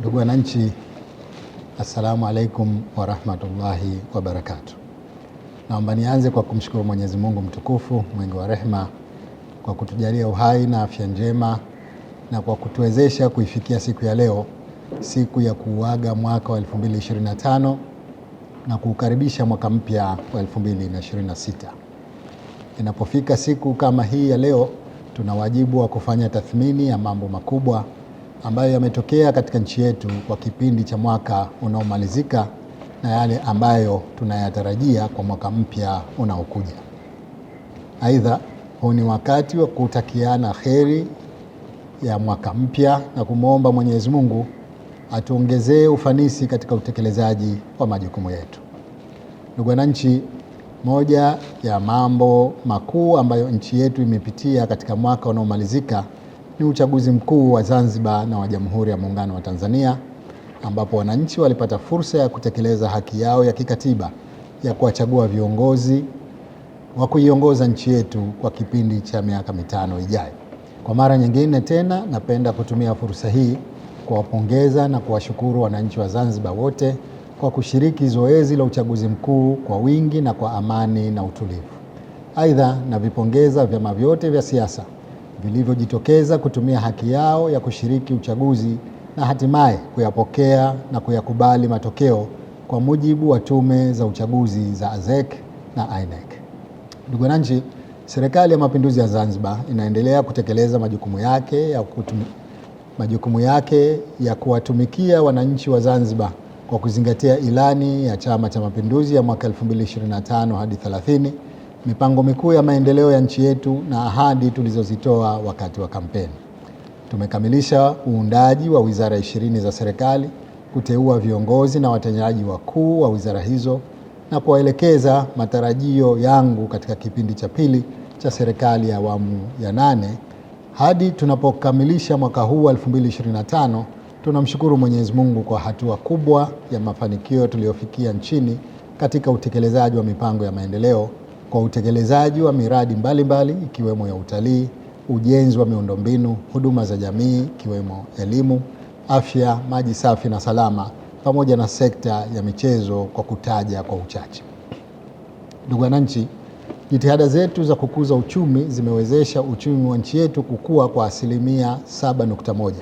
Ndugu wananchi, assalamu alaikum warahmatullahi wabarakatu. Naomba nianze kwa kumshukuru Mwenyezi Mungu mtukufu mwingi wa rehma kwa kutujalia uhai na afya njema na kwa kutuwezesha kuifikia siku ya leo, siku ya kuuaga mwaka wa 2025 na kuukaribisha mwaka mpya wa 2026. Inapofika siku kama hii ya leo, tuna wajibu wa kufanya tathmini ya mambo makubwa ambayo yametokea katika nchi yetu kwa kipindi cha mwaka unaomalizika na yale ambayo tunayatarajia kwa mwaka mpya unaokuja. Aidha, huu ni wakati wa kutakiana heri ya mwaka mpya na kumwomba Mwenyezi Mungu atuongezee ufanisi katika utekelezaji wa majukumu yetu. Ndugu wananchi, moja ya mambo makuu ambayo nchi yetu imepitia katika mwaka unaomalizika ni uchaguzi mkuu wa Zanzibar na wa Jamhuri ya Muungano wa Tanzania ambapo wananchi walipata fursa ya kutekeleza haki yao ya kikatiba ya kuwachagua viongozi wa kuiongoza nchi yetu kwa kipindi cha miaka mitano ijayo. Kwa mara nyingine tena, napenda kutumia fursa hii kuwapongeza na kuwashukuru wananchi wa Zanzibar wote kwa kushiriki zoezi la uchaguzi mkuu kwa wingi na kwa amani na utulivu. Aidha, navipongeza vyama vyote vya siasa vilivyojitokeza kutumia haki yao ya kushiriki uchaguzi na hatimaye kuyapokea na kuyakubali matokeo kwa mujibu wa tume za uchaguzi za AZEC na INEC. Ndugu wananchi, Serikali ya Mapinduzi ya Zanzibar inaendelea kutekeleza majukumu yake ya kutum... majukumu yake ya kuwatumikia wananchi wa Zanzibar kwa kuzingatia ilani ya Chama cha Mapinduzi ya mwaka 2025 hadi mipango mikuu ya maendeleo ya nchi yetu na ahadi tulizozitoa wakati wa kampeni. Tumekamilisha uundaji wa wizara ishirini za serikali, kuteua viongozi na watendaji wakuu wa wizara hizo na kuwaelekeza matarajio yangu katika kipindi cha pili cha serikali ya awamu ya nane hadi tunapokamilisha mwaka huu 2025. Tunamshukuru Mwenyezi Mungu kwa hatua kubwa ya mafanikio tuliyofikia nchini katika utekelezaji wa mipango ya maendeleo kwa utekelezaji wa miradi mbalimbali mbali, ikiwemo ya utalii, ujenzi wa miundombinu, huduma za jamii ikiwemo elimu, afya, maji safi na salama, pamoja na sekta ya michezo kwa kutaja kwa uchache. Ndugu wananchi, jitihada zetu za kukuza uchumi zimewezesha uchumi wa nchi yetu kukua kwa asilimia 7.1.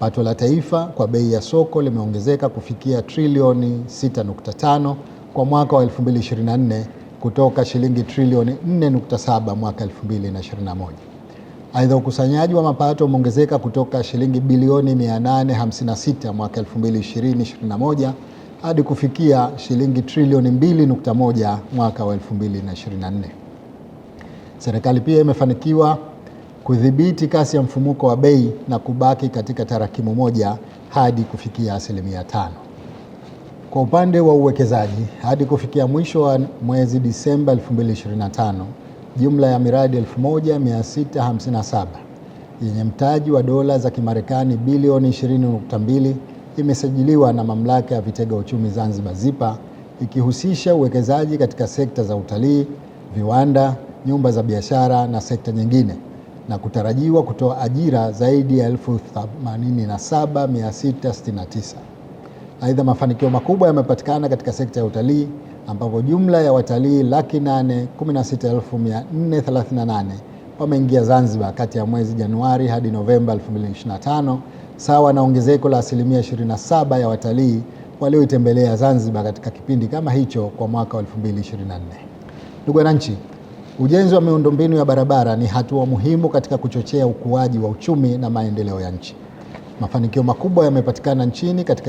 Pato la taifa kwa bei ya soko limeongezeka kufikia trilioni 6.5 kwa mwaka wa 2024 kutoka shilingi trilioni 4.7 mwaka 2021. Aidha, ukusanyaji wa mapato umeongezeka kutoka shilingi bilioni 856 mwaka 2020/21 hadi kufikia shilingi trilioni 2.1 mwaka wa 2024. Serikali pia imefanikiwa kudhibiti kasi ya mfumuko wa bei na kubaki katika tarakimu moja hadi kufikia asilimia tano. Kwa upande wa uwekezaji, hadi kufikia mwisho wa mwezi Disemba 2025, jumla ya miradi 1657 yenye mtaji wa dola za Kimarekani bilioni 20.2 imesajiliwa na Mamlaka ya Vitega Uchumi Zanzibar ZIPA, ikihusisha uwekezaji katika sekta za utalii, viwanda, nyumba za biashara na sekta nyingine, na kutarajiwa kutoa ajira zaidi ya 87669. Aidha, mafanikio makubwa yamepatikana katika sekta ya utalii ambapo jumla ya watalii laki nane kumi na sita elfu mia nne thelathini na nane wameingia Zanzibar kati ya mwezi Januari hadi Novemba 2025 sawa na ongezeko la asilimia 27 ya watalii walioitembelea Zanzibar katika kipindi kama hicho kwa mwaka wa 2024. Ndugu wananchi, ujenzi wa miundombinu ya barabara ni hatua muhimu katika kuchochea ukuaji wa uchumi na maendeleo ya nchi. Mafanikio makubwa yamepatikana nchini katika